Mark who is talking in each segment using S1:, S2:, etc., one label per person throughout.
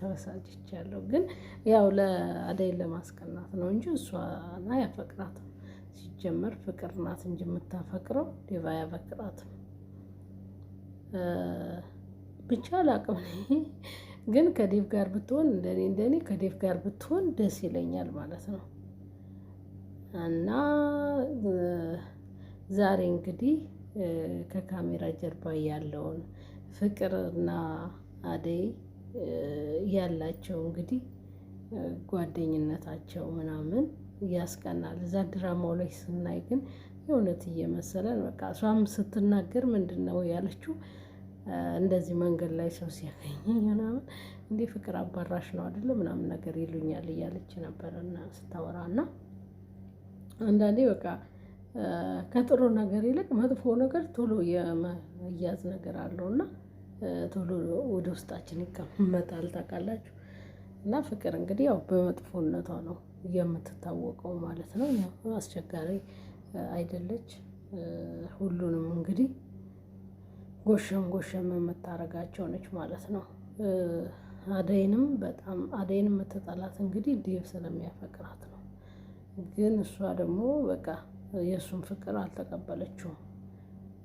S1: ተበሳጭቻለሁ። ግን ያው ለአደይ ለማስቀናት ነው እንጂ እሷና ያፈቅራትም ሲጀመር ፍቅር ናት እንጂ የምታፈቅረው ሌባ ያፈቅራትም ብቻ ላቅም ግን ከዴቭ ጋር ብትሆን እንደኔ እንደኔ ከዴቭ ጋር ብትሆን ደስ ይለኛል ማለት ነው። እና ዛሬ እንግዲህ ከካሜራ ጀርባ ያለውን ፍቅርና አደይ ያላቸው እንግዲህ ጓደኝነታቸው ምናምን ያስቀናል። እዛ ድራማው ላይ ስናይ ግን የእውነት እየመሰለን በቃ እሷም ስትናገር ምንድን ነው ያለችው እንደዚህ መንገድ ላይ ሰው ሲያገኘ ምናምን እንዲህ ፍቅር አባራሽ ነው አይደለ ምናምን ነገር ይሉኛል እያለች ነበረና ስታወራ እና አንዳንዴ በቃ ከጥሩ ነገር ይልቅ መጥፎ ነገር ቶሎ የመያዝ ነገር አለውና ቶሎ ወደ ውስጣችን ይቀመጣል። ታውቃላችሁ። እና ፍቅር እንግዲህ ያው በመጥፎነቷ ነው የምትታወቀው ማለት ነው። አስቸጋሪ አይደለች። ሁሉንም እንግዲህ ጎሸም ጎሸም የምታረጋቸው ነች ማለት ነው። አደይንም በጣም አደይን የምትጠላት እንግዲህ ዴቭ ስለሚያፈቅራት ነው። ግን እሷ ደግሞ በቃ የእሱን ፍቅር አልተቀበለችውም።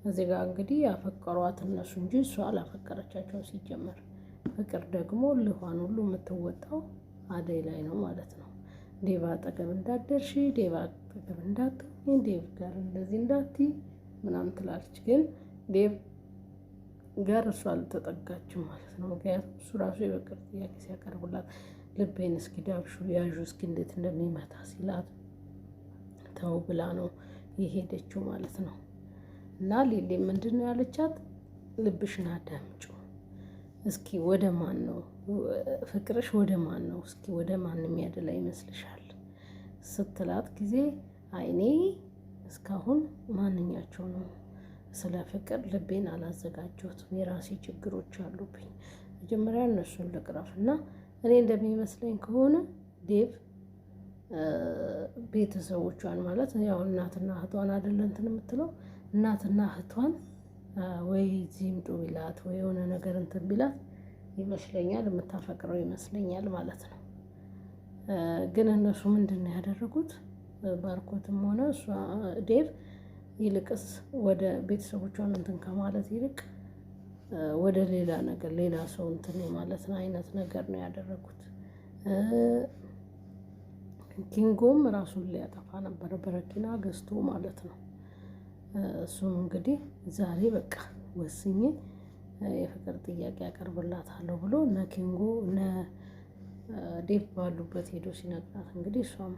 S1: እዚህ ጋር እንግዲህ ያፈቀሯት እነሱ እንጂ እሷ አላፈቀረቻቸው። ሲጀመር ፍቅር ደግሞ ልኋን ሁሉ የምትወጣው አደይ ላይ ነው ማለት ነው። ዴባ አጠገብ እንዳደርሽ፣ ዴባ አጠገብ እንዳትሆኝ፣ ዴቭ ጋር እንደዚህ እንዳትይ ምናምን ትላለች። ግን ዴቭ ጋር እሷ አልተጠጋችም ማለት ነው። ምክንያቱም እሱ ራሱ የፍቅር ጥያቄ ሲያቀርቡላት ልቤን እስኪ ዳብሹ ያዡ እስኪ እንዴት እንደሚመታ ሲላት ተው ብላ ነው የሄደችው ማለት ነው። እና ሌሌ ምንድን ነው ያለቻት? ልብሽን አዳምጩ እስኪ። ወደ ማን ነው ፍቅርሽ? ወደ ማን ነው እስኪ? ወደ ማን የሚያደላ ይመስልሻል ስትላት ጊዜ አይኔ እስካሁን ማንኛቸው ነው ስለ ፍቅር ልቤን አላዘጋጀሁትም። የራሴ ችግሮች አሉብኝ። መጀመሪያ እነሱን ልቅረፍ እና እኔ እንደሚመስለኝ ከሆነ ዴቭ ቤተሰቦቿን ማለት ያው እናትና እህቷን አይደለ እንትን የምትለው እናትና እህቷን ወይ ዚምጡ ቢላት ወይ የሆነ ነገር እንትን ቢላት ይመስለኛል የምታፈቅረው ይመስለኛል ማለት ነው። ግን እነሱ ምንድን ነው ያደረጉት? ባርኮትም ሆነ እሷ ዴቭ ይልቅስ ወደ ቤተሰቦቿን እንትን ከማለት ይልቅ ወደ ሌላ ነገር ሌላ ሰው እንትን ማለት ነው አይነት ነገር ነው ያደረጉት። ኪንጎም ራሱን ሊያጠፋ ነበረ በረኪና ገዝቶ ማለት ነው። እሱም እንግዲህ ዛሬ በቃ ወስኜ የፍቅር ጥያቄ አቀርብላታለሁ ብሎ እነ ኪንጎ እነ ዴቭ ባሉበት ሄዶ ሲነግራት እንግዲህ እሷም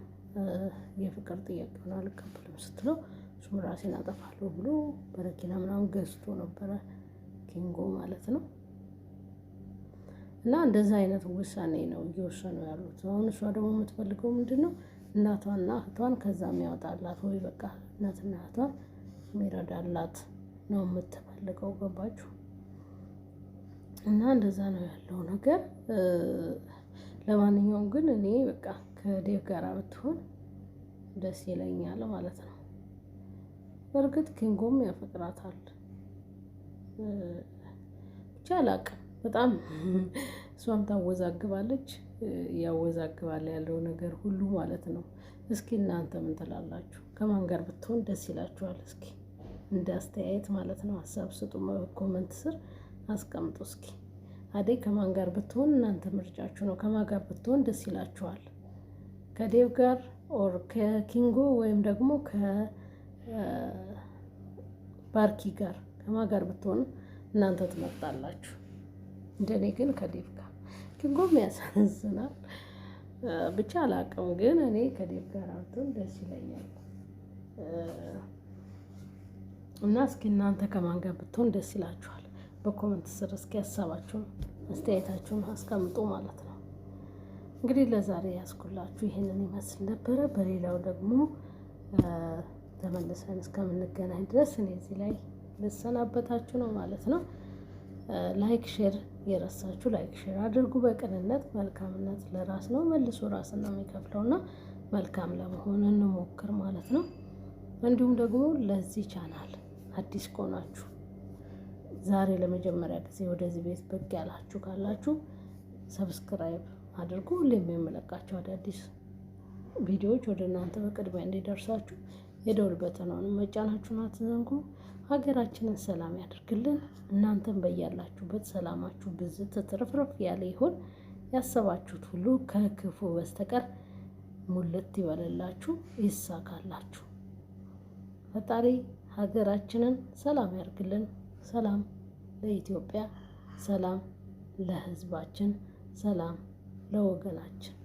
S1: የፍቅር ጥያቄውን አልቀበልም ስትለው እሱም ራሴን አጠፋለሁ ብሎ በረኪና ምናምን ገዝቶ ነበረ ኪንጎ ማለት ነው። እና እንደዛ አይነት ውሳኔ ነው እየወሰኑ ያሉት። አሁን እሷ ደግሞ የምትፈልገው ምንድን ነው? እናቷንና እህቷን ከዛም ያወጣላት ወይ በቃ እናትና እህቷን የሚረዳላት ነው የምትፈልገው። ገባችሁ? እና እንደዛ ነው ያለው ነገር። ለማንኛውም ግን እኔ በቃ ከዴቭ ጋር ብትሆን ደስ ይለኛል ማለት ነው። በእርግጥ ኪንጎም ያፈቅራታል። ብቻ አላቅም በጣም እሷም ታወዛግባለች፣ ያወዛግባል ያለው ነገር ሁሉ ማለት ነው። እስኪ እናንተ ምን ትላላችሁ? ከማን ጋር ብትሆን ደስ ይላችኋል? እስኪ እንደ አስተያየት ማለት ነው። ሀሳብ ስጡ፣ ኮመንት ስር አስቀምጡ። እስኪ አደይ ከማን ጋር ብትሆን እናንተ ምርጫችሁ ነው። ከማን ጋር ብትሆን ደስ ይላችኋል? ከዴቭ ጋር ኦር ከኪንጎ ወይም ደግሞ ከባርኪ ጋር ከማን ጋር ብትሆን እናንተ ትመርጣላችሁ? እንደኔ ግን ከዴቭ ጋር። ኪንጎም ያሳዝናል። ብቻ አላቅም፣ ግን እኔ ከዴቭ ጋር ብትሆን ደስ ይለኛል። እና እስኪ እናንተ ከማን ጋር ብትሆን ደስ ይላችኋል? በኮመንት ስር እስኪ ሀሳባችሁን አስተያየታችሁን አስቀምጡ ማለት ነው። እንግዲህ ለዛሬ ያስኩላችሁ ይህንን ይመስል ነበረ። በሌላው ደግሞ ተመልሰን እስከምንገናኝ ድረስ እኔ እዚህ ላይ ልሰናበታችሁ ነው ማለት ነው። ላይክ ሼር የረሳችሁ ላይክ ሼር አድርጉ። በቅንነት መልካምነት ለራስ ነው መልሶ ራስን ነው እና መልካም ለመሆን እንሞክር ማለት ነው። እንዲሁም ደግሞ ለዚህ ቻናል አዲስ ከሆናችሁ ዛሬ ለመጀመሪያ ጊዜ ወደዚህ ቤት ብቅ ያላችሁ ካላችሁ ሰብስክራይብ አድርጉ። ሁሌም የምለቃቸው አዳዲስ ቪዲዮዎች ወደ እናንተ በቅድሚያ እንዲደርሳችሁ የደውል በተናውን መጫናችሁን አትዘንጉ። ሀገራችንን ሰላም ያደርግልን። እናንተም በያላችሁበት ሰላማችሁ ብዙ ትትረፍረፍ ያለ ይሆን። ያሰባችሁት ሁሉ ከክፉ በስተቀር ሙልት ይበልላችሁ፣ ይሳካላችሁ ፈጣሪ ሀገራችንን ሰላም ያርግልን። ሰላም ለኢትዮጵያ፣ ሰላም ለሕዝባችን፣ ሰላም ለወገናችን።